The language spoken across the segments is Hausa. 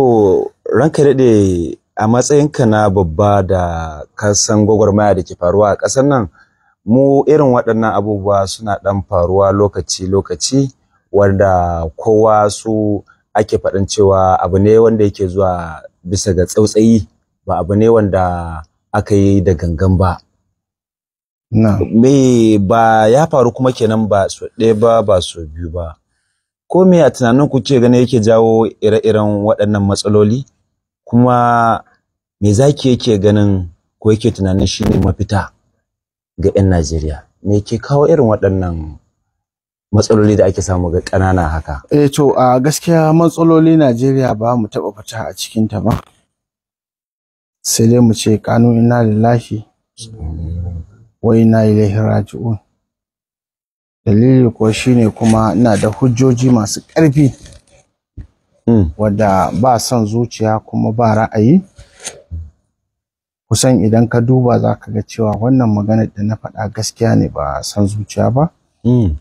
To ranka daɗe a matsayinka na babba da kasan gwagwarmaya da ke faruwa a ƙasar nan mu irin waɗannan abubuwa suna ɗan faruwa lokaci-lokaci wanda kowa su ake faɗin cewa abu ne wanda yake zuwa bisa ga tsautsayi ba abu ne wanda aka yi da gangan ba. Me ba ya faru kuma kenan ba su ɗaya ba ba su biyu ba. ko me a tunanin ku ce gane yake jawo ire-iren waɗannan matsaloli kuma me za ki yake ganin ko yake tunanin shine mafita ga 'yan Najeriya me ke kawo irin waɗannan matsaloli da ake samu ga ƙanana haka E, to a gaskiya matsaloli Najeriya ba mu taɓa fita a cikin ta ba sai dai mu ce kanu inna lillahi wa inna ilaihi raji'un dalili kuwa shine kuma ina da hujjoji masu ƙarfi hmm. wadda ba son zuciya kuma ba ra'ayi kusan idan ka duba za ka ga cewa wannan magana da na faɗa gaskiya ne ba san zuciya ba hmm.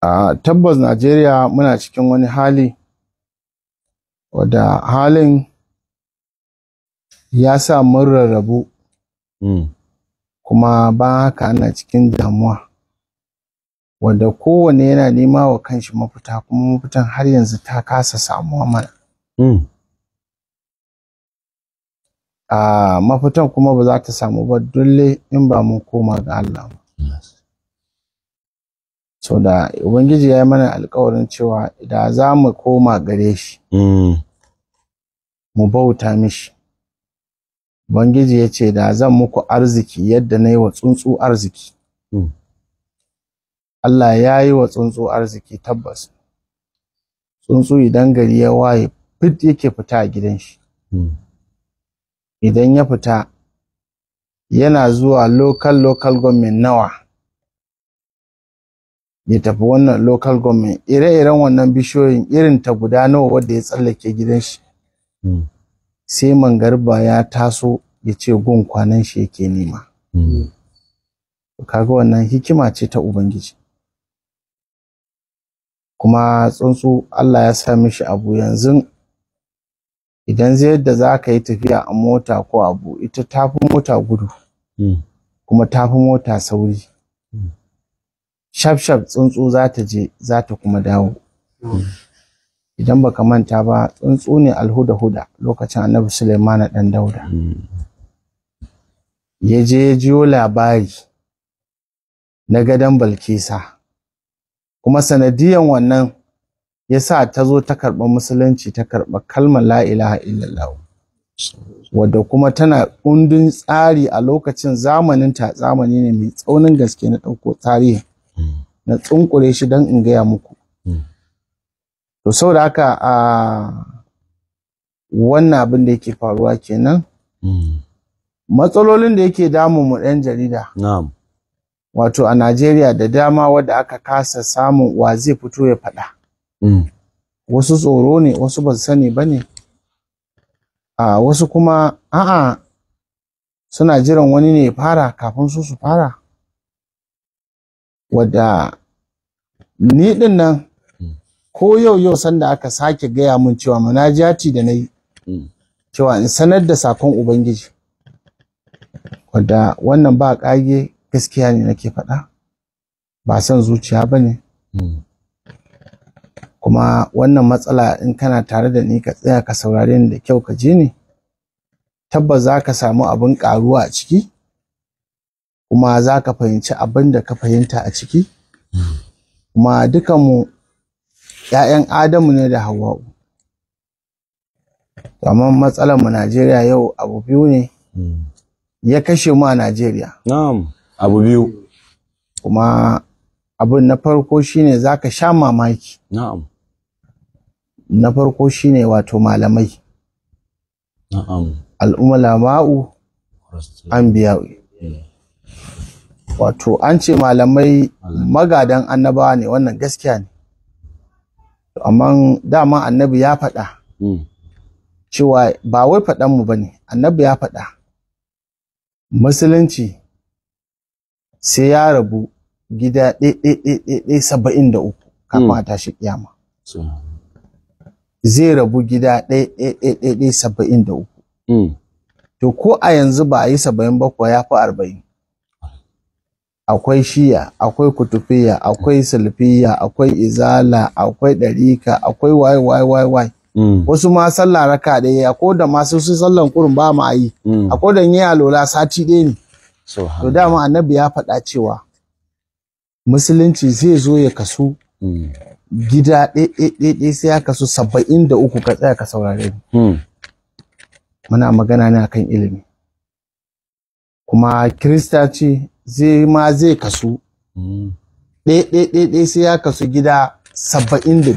a tabbas najeriya muna cikin wani hali wadda halin ya sa mun rarrabu hmm. kuma ba haka ana cikin damuwa wanda kowane yana nema wa kanshi mafita kuma mafitan har yanzu ta kasa samuwa mana hmm. a mafitan kuma ba za ta samu ba dole in ba mun koma ga Allah so da ubangiji ya yi mana alkawarin cewa da za mu koma gare shi hmm. mu bauta mishi ubangiji ya ce da zan muku arziki yadda na yi wa tsuntsu arziki hmm. Allah ya yi wa tsuntsu arziki tabbas tsuntsu idan gari ya waye fit yake fita a gidan shi hmm. idan ya fita yana zuwa local local government nawa ya tafi wannan local government ire-iren wannan bishiyoyin irin ta guda nawa wadda ya tsallake gidan shi hmm. sai man garba ya taso ya ce gun kwanan shi yake nema hmm. kaga wannan hikima ce ta ubangiji kuma tsuntsu Allah ya sa mishi abu yanzu idan zai yadda za ka yi tafiya a mota ko abu ita tafi mota gudu hmm. kuma tafi mota sauri shafshaf hmm. tsuntsu za ta je za ta kuma dawo hmm. idan baka manta ba tsuntsu ne alhuda huda lokacin annabi Suleimana dan dauda ya je ya jiyo labari na gadon balkisa kuma sanadiyan wannan ya sa ta zo ta karɓa musulunci ta karɓa kalmar la'ilaha ilaha illallah wadda kuma tana kundin tsari a lokacin zamanin ta zamani ne mai tsaunin gaske na ɗauko tarihi na tsunkure shi don in gaya muku to sau da haka a wannan abin da yake faruwa kenan hmm. matsalolin da yake damun mu ɗan jarida na'am wato a Najeriya da dama wadda aka kasa samun wa zai fito ya faɗa. Mm. Wasu tsoro ne, wasu ba sani ba ne, wasu kuma a'a suna jiran wani ne fara kafin su su fara. Wadda ni ɗin nan mm. ko yau yau sanda aka sake gaya mun cewa jati da na yi, mm. cewa in sanar da sakon Ubangiji. Wadda wannan ba ƙage gaskiya ne nake faɗa ba son zuciya ba ne hmm. kuma wannan matsala in kana tare da ni ka tsaya ka saurare ni da kyau ka je ni tabbas za ka samu abin ƙaruwa a ciki kuma za ka fahimci abin da ka fahimta a ciki hmm. kuma dukanmu ‘ya'yan adamu ne da hawa'u amma matsalar mu najeriya yau abu biyu ne hmm. ya kashe mu a najeriya abu biyu kuma abin na farko shine zaka sha mamaki na'am na farko shine wato malamai na'am an anbiya'u wato an ce malamai magadan annabawa ne wannan gaskiya ne amma dama annabi ya faɗa hmm. cewa ba wai faɗanmu ba ne annabi ya faɗa musulunci sai ya rabu gida ɗaiɗaiɗaiɗai saba'in da uku kafin a hmm. tashi kiyama zai rabu gida ɗaiɗaiɗaiɗai saba'in da uku hmm. to ko a yanzu ba a yi saba'in ba ya fi arba'in akwai shiya akwai kutufiya akwai sulfiya akwai izala akwai ɗarika akwai waye waye waye waye hmm. wasu ma sallah raka ɗaya ko da masu su sallan kurun ba ma yi a da yi alola sati ɗaya ne to dama annabi ya faɗa cewa musulunci zai zo ya kasu hmm. gida ɗaiɗaiɗaiɗai sai ya kasu saba'in da uku ka tsaya ka saurare ni hmm. muna magana ne akan ilimi kuma kirista ce zai ma zai kasu hmm. ɗaiɗaiɗaiɗai sai ya kasu gida saba'in da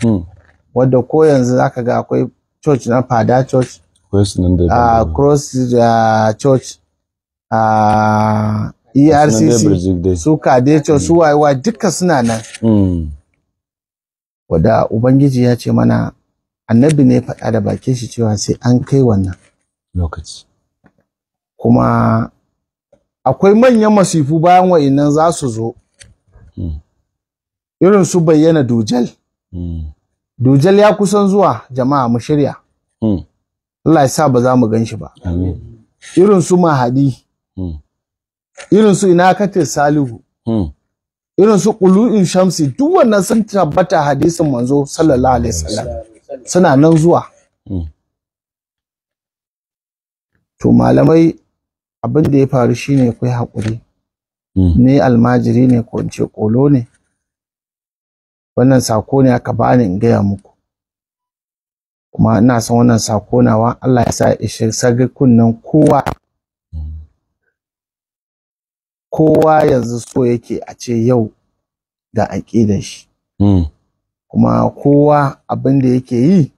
biyu wadda ko yanzu za ka ga akwai church na fada church ah, cross ah, church a ah, ercc su kadeco su hmm. wayewa duka suna nan hmm. wadda ubangiji ya ce mana annabi ne faɗa da bakin shi cewa sai an kai wannan lokaci kuma akwai manyan masifu bayan wa'innan za su zo hmm. irin su bayyana dujal dujal ya kusan zuwa jama'a mu shirya Allah ya sa ba za mu gan shi ba irin su mahadi Hmm. irin su ina kate salihu hmm. irin su ƙulu'in shamsi duk wannan sun tabbata hadisin manzo sallallahu alaihi wasallam suna nan zuwa hmm. to malamai abin da ya faru shine kai hakuri ne almajiri ne ko ce kolo ne wannan sako ne aka bani in gaya muku kuma ina son wannan sako nawa Allah ya sa ya ishe sagakun nan, kowa kowa yanzu so yake a ce yau da aƙidar shi hmm. kuma kowa abin da yake yi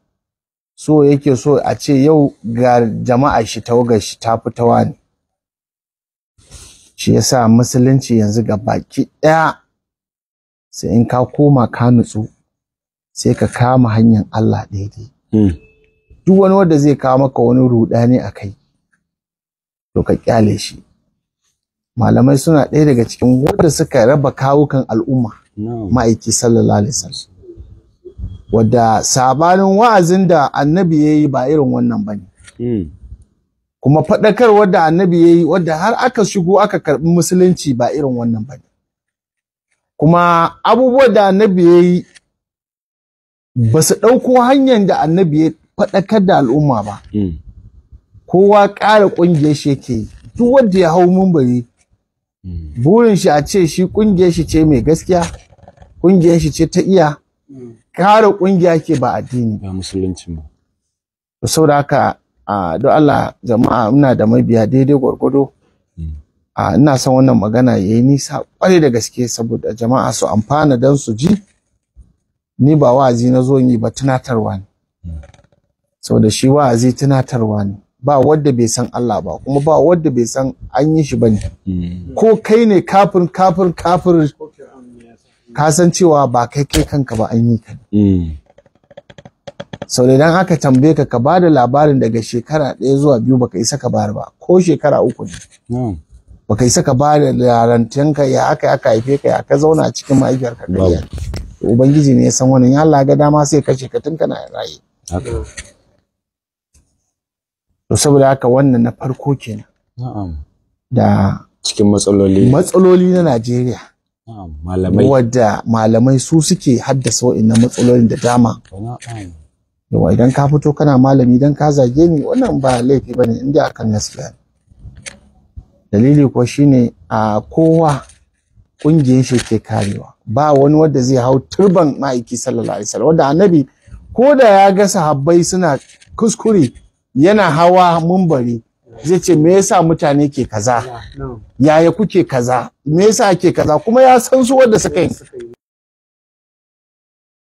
so yake so a ce yau ga jama'a shi tawagar shi ta fitawa ne shi yasa musulunci yanzu ga baki ɗaya sai in ka koma ka nutsu sai ka kama hanyar Allah daidai hmm. duk wani wanda zai kawo maka wani rudani a kai to ka kyale shi malamai suna ɗaya daga cikin wanda suka raba kawukan al'umma ma'aiki sallallahu alaihi wasallam wadda sabanin wa'azin da annabi ya yi ba irin wannan ba ne hmm. kuma faɗakar wadda annabi ya yi wadda har aka shigo aka karɓi musulunci ba irin wannan ba ne kuma abubuwan da annabi ya yi ba su ɗauko hanyar da annabi ya faɗakar da al'umma ba hmm. kowa ƙara ƙungiyar shi yake duk wanda ya hau mumbari burin shi a ce shi kungiyar shi ce mai gaskiya kungiyar shi ce ta iya kare kungiya ke ba addini ba musulunci ba to saboda haka a don Allah jama'a muna da mabiya daidai gwargwado a ina son wannan magana yayi nisa kwarai da gaske saboda jama'a su amfana dan su ji ni ba wa'azi na zo yi ba tunatarwa ne hmm. saboda shi wa'azi tunatarwa ne ba wadda bai san Allah ba kuma ba wadda bai san an yi shi bane hmm. ko kai ne kafir kafir kafir ka san cewa ba kai kai kanka ba an yi ka hmm. sau idan aka tambaye ka ka bada labarin daga shekara ɗaya zuwa biyu baka isa ka bayar ba ko shekara uku ne hmm. baka isa ka bada yarantanka ya aka aka haife ka ya ka zauna cikin mahaifiyarka ka ubangiji ne ya san wannan ya Allah ga dama sai kashe ka tun kana raye to saboda haka wannan na farko kenan na'am da cikin matsaloli matsaloli na Najeriya na'am malamai wadda malamai su suke haddasa wa'annan matsalolin da dama na'am yawa idan ka fito kana malami idan ka zage ni wannan ba laifi bane in dai akan gaskiya dalili ko shine a kowa kungiyar shi ke karewa ba wani wanda zai hau turban ma'aiki sallallahu alaihi wasallam wanda annabi ko da ya ga sahabbai suna kuskure yana hawa mumbari zai ce me yasa mutane ke kaza yaya kuke kaza me yasa ke kaza kuma ya san su wanda suka yi